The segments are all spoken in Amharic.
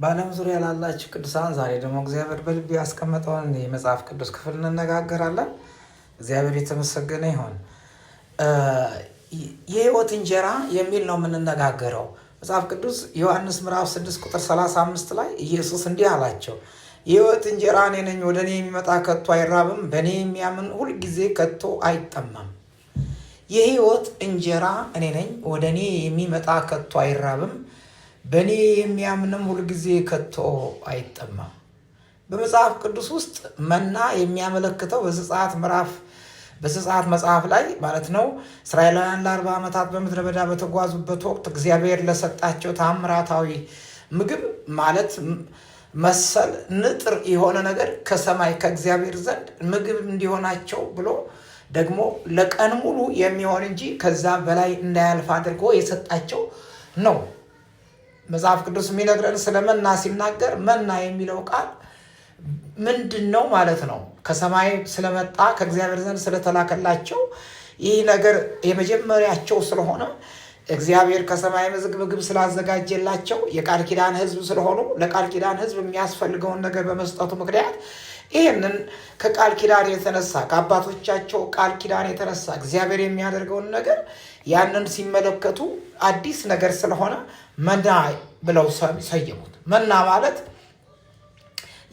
በዓለም ዙሪያ ላላችሁ ቅዱሳን ዛሬ ደግሞ እግዚአብሔር በልብ ያስቀመጠውን የመጽሐፍ ቅዱስ ክፍል እንነጋገራለን። እግዚአብሔር የተመሰገነ ይሁን። የህይወት እንጀራ የሚል ነው የምንነጋገረው። መጽሐፍ ቅዱስ ዮሐንስ ምዕራፍ 6 ቁጥር 35 ላይ ኢየሱስ እንዲህ አላቸው፣ የህይወት እንጀራ እኔ ነኝ፣ ወደ እኔ የሚመጣ ከቶ አይራብም፣ በእኔ የሚያምን ሁልጊዜ ከቶ አይጠማም። የህይወት እንጀራ እኔ ነኝ፣ ወደ እኔ የሚመጣ ከቶ አይራብም በእኔ የሚያምንም ሁልጊዜ ከቶ አይጠማም። በመጽሐፍ ቅዱስ ውስጥ መና የሚያመለክተው በዘጸአት ምዕራፍ በዘጸአት መጽሐፍ ላይ ማለት ነው እስራኤላውያን ለአርባ ዓመታት በምድረ በዳ በተጓዙበት ወቅት እግዚአብሔር ለሰጣቸው ታምራታዊ ምግብ ማለት መሰል ንጥር የሆነ ነገር ከሰማይ ከእግዚአብሔር ዘንድ ምግብ እንዲሆናቸው ብሎ ደግሞ ለቀን ሙሉ የሚሆን እንጂ ከዛ በላይ እንዳያልፍ አድርጎ የሰጣቸው ነው። መጽሐፍ ቅዱስ የሚነግረን ስለ መና ሲናገር መና የሚለው ቃል ምንድን ነው ማለት ነው? ከሰማይ ስለመጣ ከእግዚአብሔር ዘንድ ስለተላከላቸው ይህ ነገር የመጀመሪያቸው ስለሆነ እግዚአብሔር ከሰማይ መዝግ ምግብ ስላዘጋጀላቸው የቃል ኪዳን ሕዝብ ስለሆኑ ለቃል ኪዳን ሕዝብ የሚያስፈልገውን ነገር በመስጠቱ ምክንያት ይህንን ከቃል ኪዳን የተነሳ ከአባቶቻቸው ቃል ኪዳን የተነሳ እግዚአብሔር የሚያደርገውን ነገር ያንን ሲመለከቱ አዲስ ነገር ስለሆነ መና ብለው ሰየሙት። መና ማለት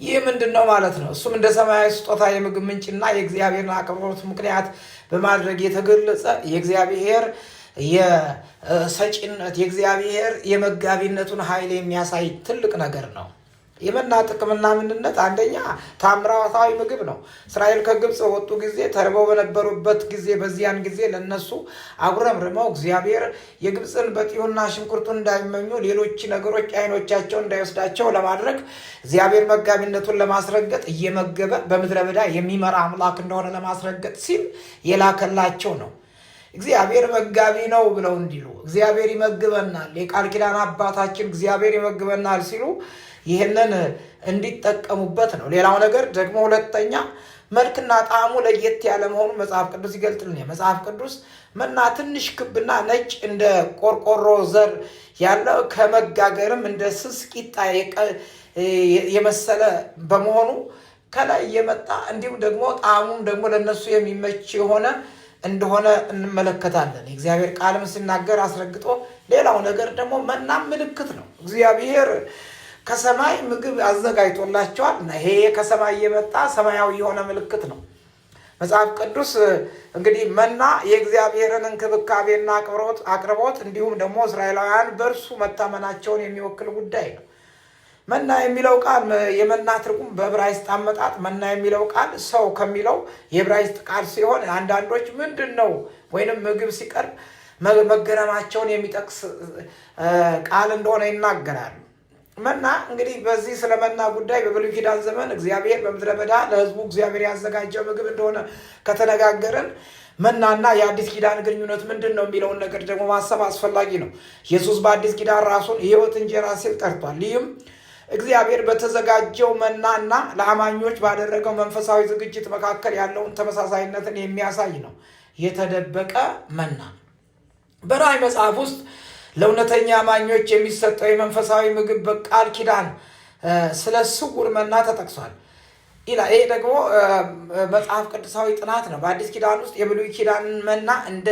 ይህ ምንድን ነው ማለት ነው። እሱም እንደ ሰማያዊ ስጦታ የምግብ ምንጭና የእግዚአብሔርን አቅርቦት ምክንያት በማድረግ የተገለጸ የእግዚአብሔር የሰጪነት የእግዚአብሔር የመጋቢነቱን ኃይል የሚያሳይ ትልቅ ነገር ነው። የመና ጥቅምና ምንነት አንደኛ ታምራታዊ ምግብ ነው። እስራኤል ከግብፅ በወጡ ጊዜ ተርበው በነበሩበት ጊዜ በዚያን ጊዜ ለነሱ አጉረምርመው እግዚአብሔር የግብፅን በጢውና ሽንኩርቱን እንዳይመኙ ሌሎች ነገሮች አይኖቻቸውን እንዳይወስዳቸው ለማድረግ እግዚአብሔር መጋቢነቱን ለማስረገጥ እየመገበ በምድረ በዳ የሚመራ አምላክ እንደሆነ ለማስረገጥ ሲል የላከላቸው ነው። እግዚአብሔር መጋቢ ነው ብለው እንዲሉ እግዚአብሔር ይመግበናል፣ የቃል ኪዳን አባታችን እግዚአብሔር ይመግበናል ሲሉ ይህንን እንዲጠቀሙበት ነው። ሌላው ነገር ደግሞ ሁለተኛ መልክና ጣዕሙ ለየት ያለ መሆኑ መጽሐፍ ቅዱስ ይገልጥልን። መጽሐፍ ቅዱስ መና ትንሽ ክብና ነጭ እንደ ቆርቆሮ ዘር ያለው ከመጋገርም እንደ ስስ ቂጣ የመሰለ በመሆኑ ከላይ የመጣ እንዲሁም ደግሞ ጣዕሙም ደግሞ ለነሱ የሚመች የሆነ እንደሆነ እንመለከታለን። የእግዚአብሔር ቃልም ሲናገር አስረግጦ፣ ሌላው ነገር ደግሞ መናም ምልክት ነው። እግዚአብሔር ከሰማይ ምግብ አዘጋጅቶላቸዋል እና ይሄ ከሰማይ የመጣ ሰማያዊ የሆነ ምልክት ነው። መጽሐፍ ቅዱስ እንግዲህ መና የእግዚአብሔርን እንክብካቤና አቅርቦት እንዲሁም ደግሞ እስራኤላውያን በእርሱ መታመናቸውን የሚወክል ጉዳይ ነው። መና የሚለው ቃል የመና ትርጉም በዕብራይስጥ አመጣጥ መና የሚለው ቃል ሰው ከሚለው የዕብራይስጥ ቃል ሲሆን አንዳንዶች ምንድን ነው ወይንም ምግብ ሲቀርብ መገረማቸውን የሚጠቅስ ቃል እንደሆነ ይናገራሉ። መና እንግዲህ በዚህ ስለ መና ጉዳይ በብሉይ ኪዳን ዘመን እግዚአብሔር በምድረ በዳ ለሕዝቡ እግዚአብሔር ያዘጋጀው ምግብ እንደሆነ ከተነጋገርን መናና የአዲስ ኪዳን ግንኙነት ምንድን ነው የሚለውን ነገር ደግሞ ማሰብ አስፈላጊ ነው። ኢየሱስ በአዲስ ኪዳን ራሱን የሕይወት እንጀራ ሲል ጠርቷል። ይህም እግዚአብሔር በተዘጋጀው መናና ለአማኞች ባደረገው መንፈሳዊ ዝግጅት መካከል ያለውን ተመሳሳይነትን የሚያሳይ ነው። የተደበቀ መና በራእይ መጽሐፍ ውስጥ ለእውነተኛ አማኞች የሚሰጠው የመንፈሳዊ ምግብ በቃል ኪዳን ስለ ስውር መና ተጠቅሷል ይላል። ይሄ ደግሞ መጽሐፍ ቅዱሳዊ ጥናት ነው። በአዲስ ኪዳን ውስጥ የብሉይ ኪዳን መና እንደ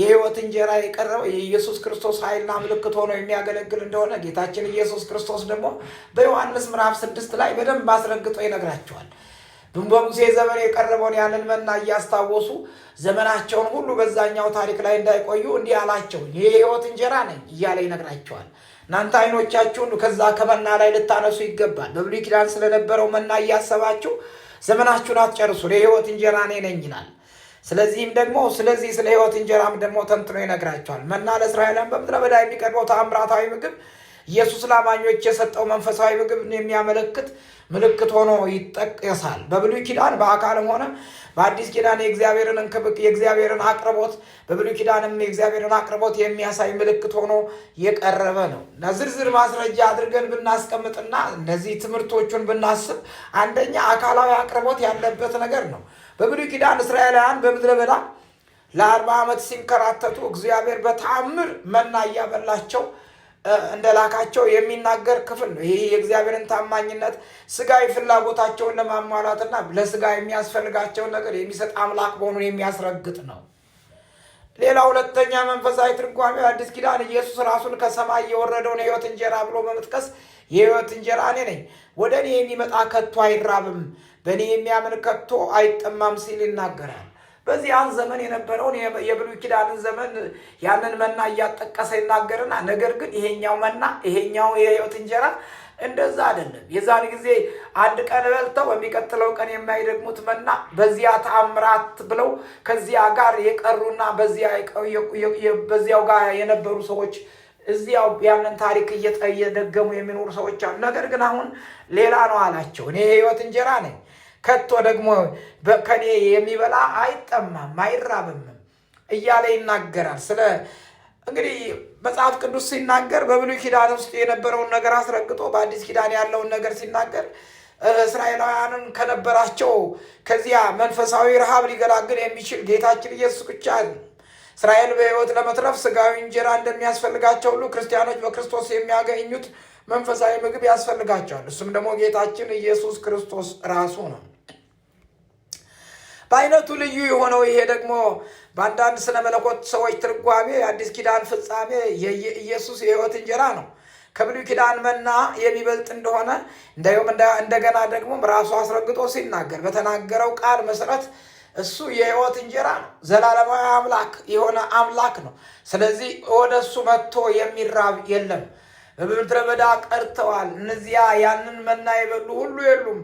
የህይወት እንጀራ የቀረበው የኢየሱስ ክርስቶስ ኃይልና ምልክት ሆኖ የሚያገለግል እንደሆነ ጌታችን ኢየሱስ ክርስቶስ ደግሞ በዮሐንስ ምዕራፍ ስድስት ላይ በደንብ አስረግጦ ይነግራቸዋል። በሙሴ ዘመን የቀረበውን ያንን መና እያስታወሱ ዘመናቸውን ሁሉ በዛኛው ታሪክ ላይ እንዳይቆዩ እንዲህ አላቸው፣ የህይወት እንጀራ ነኝ እያለ ይነግራቸዋል። እናንተ አይኖቻችሁን ከዛ ከመና ላይ ልታነሱ ይገባል። በብሉይ ኪዳን ስለነበረው መና እያሰባችሁ ዘመናችሁን አትጨርሱ፣ የህይወት እንጀራ እኔ ነኝ ይላል። ስለዚህም ደግሞ ስለዚህ ስለ ህይወት እንጀራም ደግሞ ተንትኖ ይነግራቸዋል። መና ለእስራኤላን በምድረ በዳ የሚቀርበው ተአምራታዊ ምግብ ኢየሱስ ለአማኞች የሰጠው መንፈሳዊ ምግብ የሚያመለክት ምልክት ሆኖ ይጠቀሳል። በብሉይ ኪዳን በአካልም ሆነ በአዲስ ኪዳን የእግዚአብሔርን እንክብክ የእግዚአብሔርን አቅርቦት በብሉይ ኪዳንም የእግዚአብሔርን አቅርቦት የሚያሳይ ምልክት ሆኖ የቀረበ ነው እና ዝርዝር ማስረጃ አድርገን ብናስቀምጥና እነዚህ ትምህርቶቹን ብናስብ አንደኛ አካላዊ አቅርቦት ያለበት ነገር ነው። በብሉይ ኪዳን እስራኤላውያን በምድረ በዳ ለአርባ ዓመት ሲንከራተቱ እግዚአብሔር በተአምር መና እያበላቸው እንደላካቸው የሚናገር ክፍል ነው። ይህ የእግዚአብሔርን ታማኝነት ስጋዊ ፍላጎታቸውን ለማሟላትና ለስጋ የሚያስፈልጋቸውን ነገር የሚሰጥ አምላክ መሆኑን የሚያስረግጥ ነው። ሌላ ሁለተኛ መንፈሳዊ ትርጓሜ አዲስ ኪዳን ኢየሱስ ራሱን ከሰማይ የወረደውን የህይወት እንጀራ ብሎ በመጥቀስ የህይወት እንጀራ እኔ ነኝ፣ ወደ እኔ የሚመጣ ከቶ አይራብም፣ በእኔ የሚያምን ከቶ አይጠማም ሲል ይናገራል። በዚያን ዘመን የነበረውን የብሉይ ኪዳንን ዘመን ያንን መና እያጠቀሰ ይናገርና ነገር ግን ይሄኛው መና ይሄኛው የህይወት እንጀራ እንደዛ አይደለም። የዛን ጊዜ አንድ ቀን በልተው በሚቀጥለው ቀን የማይደግሙት መና በዚያ ተአምራት ብለው ከዚያ ጋር የቀሩና በዚያው ጋር የነበሩ ሰዎች እዚያው ያንን ታሪክ እየደገሙ የሚኖሩ ሰዎች አሉ። ነገር ግን አሁን ሌላ ነው አላቸው። እኔ የህይወት እንጀራ ነኝ ከቶ ደግሞ ከኔ የሚበላ አይጠማም አይራብምም እያለ ይናገራል። ስለ እንግዲህ መጽሐፍ ቅዱስ ሲናገር በብሉይ ኪዳን ውስጥ የነበረውን ነገር አስረግጦ በአዲስ ኪዳን ያለውን ነገር ሲናገር እስራኤላውያንን ከነበራቸው ከዚያ መንፈሳዊ ረሃብ ሊገላግል የሚችል ጌታችን ኢየሱስ ብቻ እስራኤል በሕይወት ለመትረፍ ስጋዊ እንጀራ እንደሚያስፈልጋቸው ሁሉ ክርስቲያኖች በክርስቶስ የሚያገኙት መንፈሳዊ ምግብ ያስፈልጋቸዋል። እሱም ደግሞ ጌታችን ኢየሱስ ክርስቶስ ራሱ ነው። በአይነቱ ልዩ የሆነው ይሄ ደግሞ በአንዳንድ ስነ መለኮት ሰዎች ትርጓሜ አዲስ ኪዳን ፍጻሜ የኢየሱስ የህይወት እንጀራ ነው ከብሉይ ኪዳን መና የሚበልጥ እንደሆነ እንዲሁም እንደገና ደግሞ ራሱ አስረግጦ ሲናገር በተናገረው ቃል መሰረት እሱ የህይወት እንጀራ ነው። ዘላለማዊ አምላክ የሆነ አምላክ ነው። ስለዚህ ወደ እሱ መጥቶ የሚራብ የለም። በምድረ በዳ ቀርተዋል። እነዚያ ያንን መና የበሉ ሁሉ የሉም።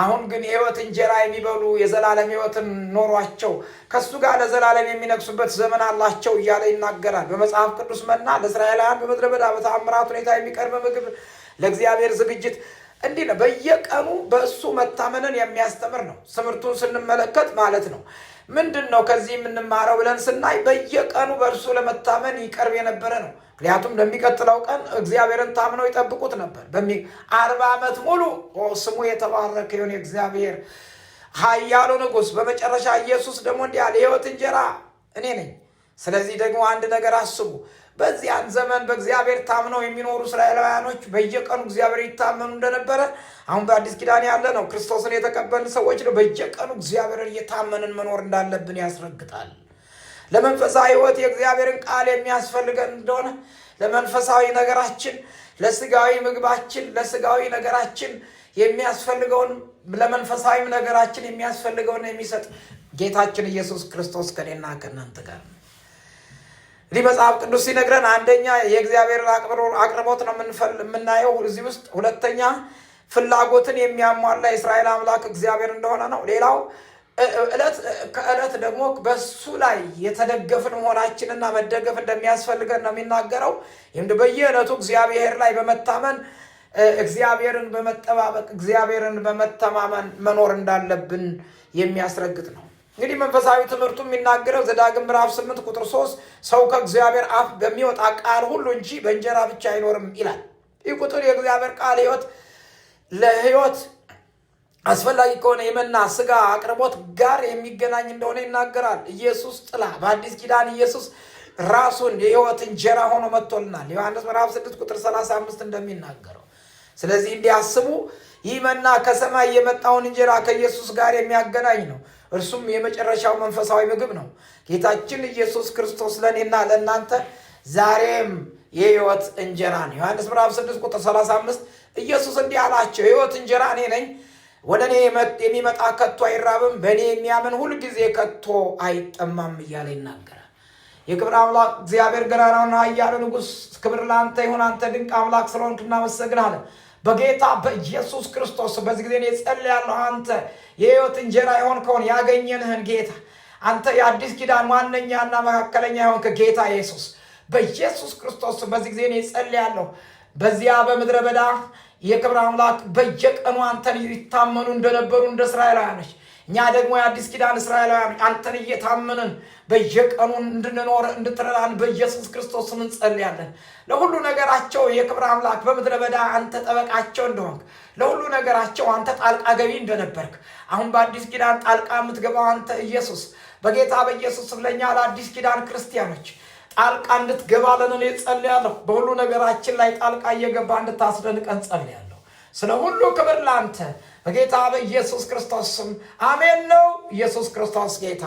አሁን ግን የህይወት እንጀራ የሚበሉ የዘላለም ህይወትን ኖሯቸው ከሱ ጋር ለዘላለም የሚነግሱበት ዘመን አላቸው እያለ ይናገራል። በመጽሐፍ ቅዱስ መና ለእስራኤላውያን በምድረ በዳ በተአምራት ሁኔታ የሚቀርብ ምግብ ለእግዚአብሔር ዝግጅት እንዲህ ነው። በየቀኑ በእሱ መታመንን የሚያስተምር ነው ትምህርቱን ስንመለከት ማለት ነው። ምንድን ነው ከዚህ የምንማረው ብለን ስናይ በየቀኑ በእርሱ ለመታመን ይቀርብ የነበረ ነው። ምክንያቱም ለሚቀጥለው ቀን እግዚአብሔርን ታምነው ይጠብቁት ነበር። አርባ ዓመት ሙሉ ስሙ የተባረከ ይሁን እግዚአብሔር ኃያሉ ንጉሥ። በመጨረሻ ኢየሱስ ደግሞ እንዲህ አለ፣ የሕይወት እንጀራ እኔ ነኝ። ስለዚህ ደግሞ አንድ ነገር አስቡ በዚያን ዘመን በእግዚአብሔር ታምነው የሚኖሩ እስራኤላውያኖች በየቀኑ እግዚአብሔር ይታመኑ እንደነበረ አሁን በአዲስ ኪዳን ያለ ነው። ክርስቶስን የተቀበልን ሰዎች ነው። በየቀኑ እግዚአብሔርን እየታመንን መኖር እንዳለብን ያስረግጣል። ለመንፈሳዊ ሕይወት የእግዚአብሔርን ቃል የሚያስፈልገን እንደሆነ ለመንፈሳዊ ነገራችን፣ ለስጋዊ ምግባችን፣ ለስጋዊ ነገራችን የሚያስፈልገውን ለመንፈሳዊም ነገራችን የሚያስፈልገውን የሚሰጥ ጌታችን ኢየሱስ ክርስቶስ ከኔና ከእናንተ ጋር እንዲህ መጽሐፍ ቅዱስ ሲነግረን አንደኛ የእግዚአብሔርን አቅርቦት ነው የምናየው እዚህ ውስጥ። ሁለተኛ ፍላጎትን የሚያሟላ የእስራኤል አምላክ እግዚአብሔር እንደሆነ ነው። ሌላው እለት ከእለት ደግሞ በሱ ላይ የተደገፍን መሆናችንና መደገፍ እንደሚያስፈልገን ነው የሚናገረው። ይህም በየእለቱ እግዚአብሔር ላይ በመታመን እግዚአብሔርን በመጠባበቅ እግዚአብሔርን በመተማመን መኖር እንዳለብን የሚያስረግጥ ነው። እንግዲህ መንፈሳዊ ትምህርቱ የሚናገረው ዘዳግም ምዕራፍ ስምንት ቁጥር ሶስት ሰው ከእግዚአብሔር አፍ በሚወጣ ቃል ሁሉ እንጂ በእንጀራ ብቻ አይኖርም ይላል። ይህ ቁጥር የእግዚአብሔር ቃል ህይወት ለህይወት አስፈላጊ ከሆነ የመና ስጋ አቅርቦት ጋር የሚገናኝ እንደሆነ ይናገራል። ኢየሱስ ጥላ በአዲስ ኪዳን ኢየሱስ ራሱን የህይወት እንጀራ ሆኖ መጥቶልናል። ዮሐንስ ምዕራፍ 6 ቁጥር 35 እንደሚናገረው ስለዚህ እንዲያስቡ ይህ መና ከሰማይ የመጣውን እንጀራ ከኢየሱስ ጋር የሚያገናኝ ነው። እርሱም የመጨረሻው መንፈሳዊ ምግብ ነው። ጌታችን ኢየሱስ ክርስቶስ ለእኔና ለእናንተ ዛሬም የህይወት እንጀራ ነው። ዮሐንስ ምዕራፍ 6 ቁጥር 35 ኢየሱስ እንዲህ አላቸው፣ የሕይወት እንጀራ እኔ ነኝ። ወደ እኔ የሚመጣ ከቶ አይራብም፣ በእኔ የሚያምን ሁልጊዜ ከቶ አይጠማም እያለ ይናገራል። የክብር አምላክ እግዚአብሔር ገናናውና ኃያሉ ንጉሥ፣ ክብር ለአንተ ይሁን። አንተ ድንቅ አምላክ ስለሆንክ እናመሰግናለን። በጌታ በኢየሱስ ክርስቶስ በዚህ ጊዜ የጸለያለሁ። አንተ የህይወት እንጀራ የሆን ከሆን ያገኘንህን ጌታ አንተ የአዲስ ኪዳን ዋነኛና መካከለኛ የሆንክ ጌታ ኢየሱስ በኢየሱስ ክርስቶስ በዚህ ጊዜ የጸለያለሁ። በዚያ በምድረ በዳ የክብር አምላክ በየቀኑ አንተን ይታመኑ እንደነበሩ እንደ እስራኤላውያኖች እኛ ደግሞ የአዲስ ኪዳን እስራኤላውያን አንተን እየታመንን በየቀኑ እንድንኖር እንድትረዳን በኢየሱስ ክርስቶስ እንጸልያለን። ለሁሉ ነገራቸው የክብር አምላክ በምድረ በዳ አንተ ጠበቃቸው እንደሆንክ፣ ለሁሉ ነገራቸው አንተ ጣልቃ ገቢ እንደነበርክ፣ አሁን በአዲስ ኪዳን ጣልቃ የምትገባው አንተ ኢየሱስ በጌታ በኢየሱስ ለእኛ ለአዲስ ኪዳን ክርስቲያኖች ጣልቃ እንድትገባ ለንን ጸልያለሁ። በሁሉ ነገራችን ላይ ጣልቃ እየገባ እንድታስደንቀን ጸልያለሁ። ስለ ሁሉ ክብር ለአንተ በጌታ በኢየሱስ ክርስቶስ ስም አሜን ነው። ኢየሱስ ክርስቶስ ጌታ